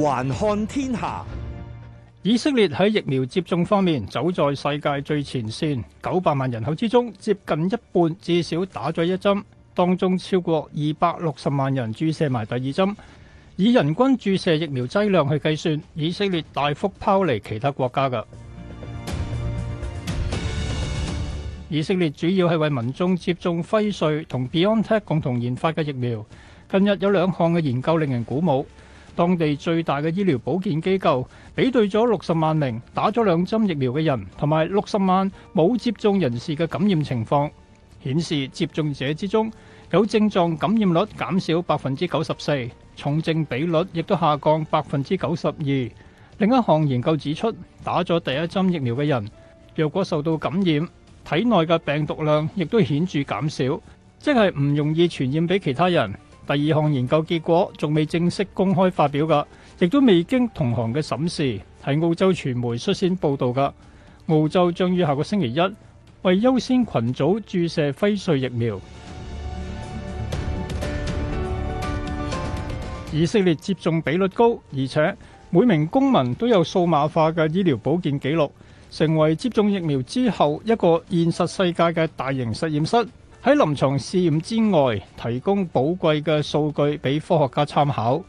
環看天下，以色列喺疫苗接種方面走在世界最前線。九百萬人口之中，接近一半至少打咗一針，當中超過二百六十萬人注射埋第二針。以人均注射疫苗劑量去計算，以色列大幅拋離其他國家嘅。以色列主要係為民眾接種輝瑞同 Biontech 共同研發嘅疫苗。近日有兩項嘅研究令人鼓舞。當地最大嘅醫療保健機構比對咗六十萬名打咗兩針疫苗嘅人，同埋六十萬冇接種人士嘅感染情況，顯示接種者之中有症狀感染率減少百分之九十四，重症比率亦都下降百分之九十二。另一項研究指出，打咗第一針疫苗嘅人，若果受到感染，體內嘅病毒量亦都顯著減少，即係唔容易傳染俾其他人。第二項研究結果仲未正式公開發表㗎，亦都未經同行嘅審視，喺澳洲傳媒率先報道㗎。澳洲將於下個星期一為優先群組注射輝瑞疫苗。以色列接種比率高，而且每名公民都有數碼化嘅醫療保健記錄，成為接種疫苗之後一個現實世界嘅大型實驗室。喺臨床試驗之外，提供寶貴嘅數據俾科學家參考。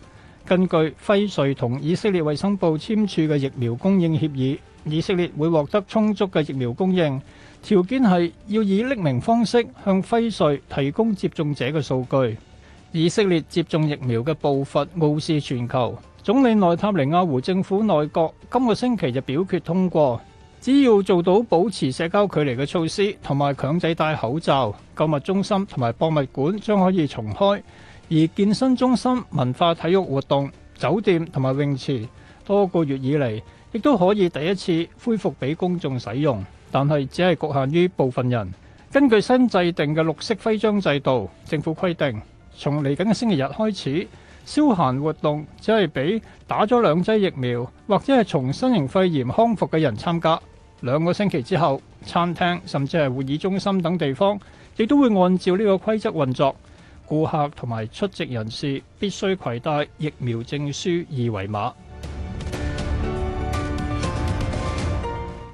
根據輝瑞同以色列衞生部簽署嘅疫苗供應協議，以色列會獲得充足嘅疫苗供應，條件係要以匿名方式向輝瑞提供接種者嘅數據。以色列接種疫苗嘅步伐傲視全球，總理內塔尼亞胡政府內閣今個星期就表決通過。只要做到保持社交距離嘅措施，同埋強制戴口罩，購物中心同埋博物館將可以重開，而健身中心、文化體育活動、酒店同埋泳池多個月以嚟，亦都可以第一次恢復俾公眾使用。但係只係局限於部分人。根據新制定嘅綠色徽章制度，政府規定從嚟緊嘅星期日開始，消閒活動只係俾打咗兩劑疫苗或者係從新型肺炎康復嘅人參加。兩個星期之後，餐廳甚至係會議中心等地方，亦都會按照呢個規則運作。顧客同埋出席人士必須攜帶疫苗證書二維碼。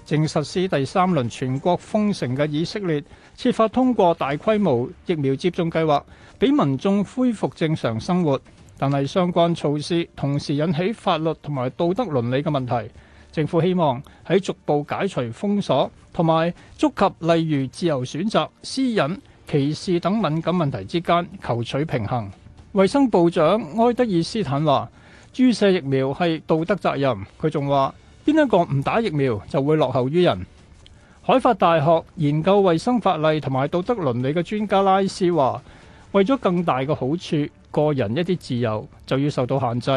正 實施第三輪全國封城嘅以色列，設法通過大規模疫苗接種計劃，俾民眾恢復正常生活。但係相關措施同時引起法律同埋道德倫理嘅問題。政府希望喺逐步解除封鎖同埋觸及例如自由選擇、私隱、歧視等敏感問題之間求取平衡。衛生部長埃德爾斯坦話，注射疫苗係道德責任。佢仲話，邊一個唔打疫苗就會落後於人。海法大學研究衛生法例同埋道德倫理嘅專家拉斯話，為咗更大嘅好處，個人一啲自由就要受到限制。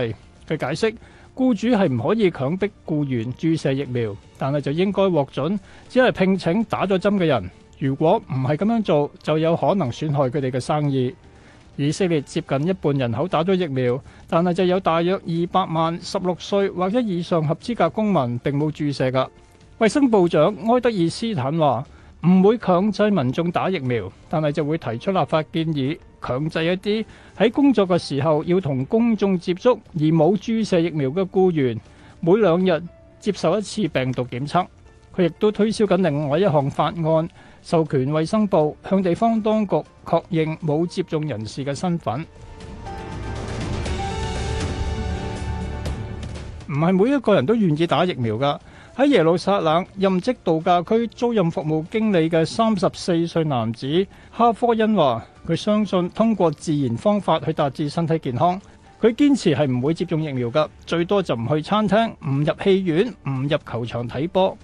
佢解釋。雇主係唔可以強迫僱員注射疫苗，但係就應該獲准，只係聘請打咗針嘅人。如果唔係咁樣做，就有可能損害佢哋嘅生意。以色列接近一半人口打咗疫苗，但係就有大約二百萬十六歲或者以上合資格公民並冇注射的。噶衛生部長埃德爾斯坦話。唔會強制民眾打疫苗，但係就會提出立法建議，強制一啲喺工作嘅時候要同公眾接觸而冇注射疫苗嘅僱員，每兩日接受一次病毒檢測。佢亦都推銷緊另外一項法案，授權衛生部向地方當局確認冇接種人士嘅身份。唔係每一個人都願意打疫苗㗎。喺耶路撒冷任職度假區租賃服務經理嘅三十四歲男子哈科恩話：佢相信通過自然方法去達至身體健康。佢堅持係唔會接種疫苗噶，最多就唔去餐廳、唔入戲院、唔入球場睇波，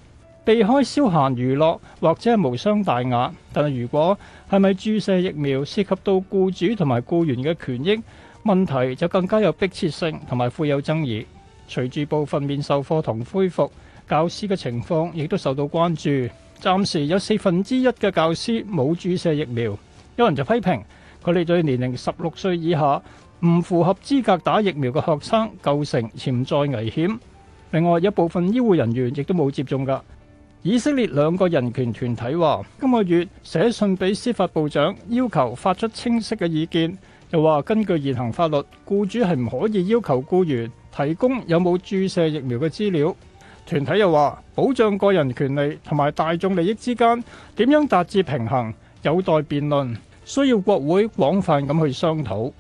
避開消閒娛樂或者係無傷大雅。但係如果係咪注射疫苗涉及到僱主同埋僱員嘅權益問題，就更加有迫切性同埋富有爭議。隨住部分面授課堂恢復。教師嘅情況亦都受到關注，暫時有四分之一嘅教師冇注射疫苗。有人就批評佢哋對年齡十六歲以下唔符合資格打疫苗嘅學生構成潛在危險。另外有部分醫護人員亦都冇接種噶，以色列兩個人權團體話：今個月寫信俾司法部長，要求發出清晰嘅意見，又話根據現行法律，雇主係唔可以要求僱員提供有冇注射疫苗嘅資料。團體又話：保障個人權利同埋大眾利益之間，點樣達至平衡，有待辯論，需要國會廣泛咁去商討。